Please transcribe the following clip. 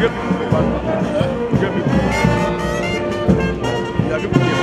tiga minggu tiga minggu ya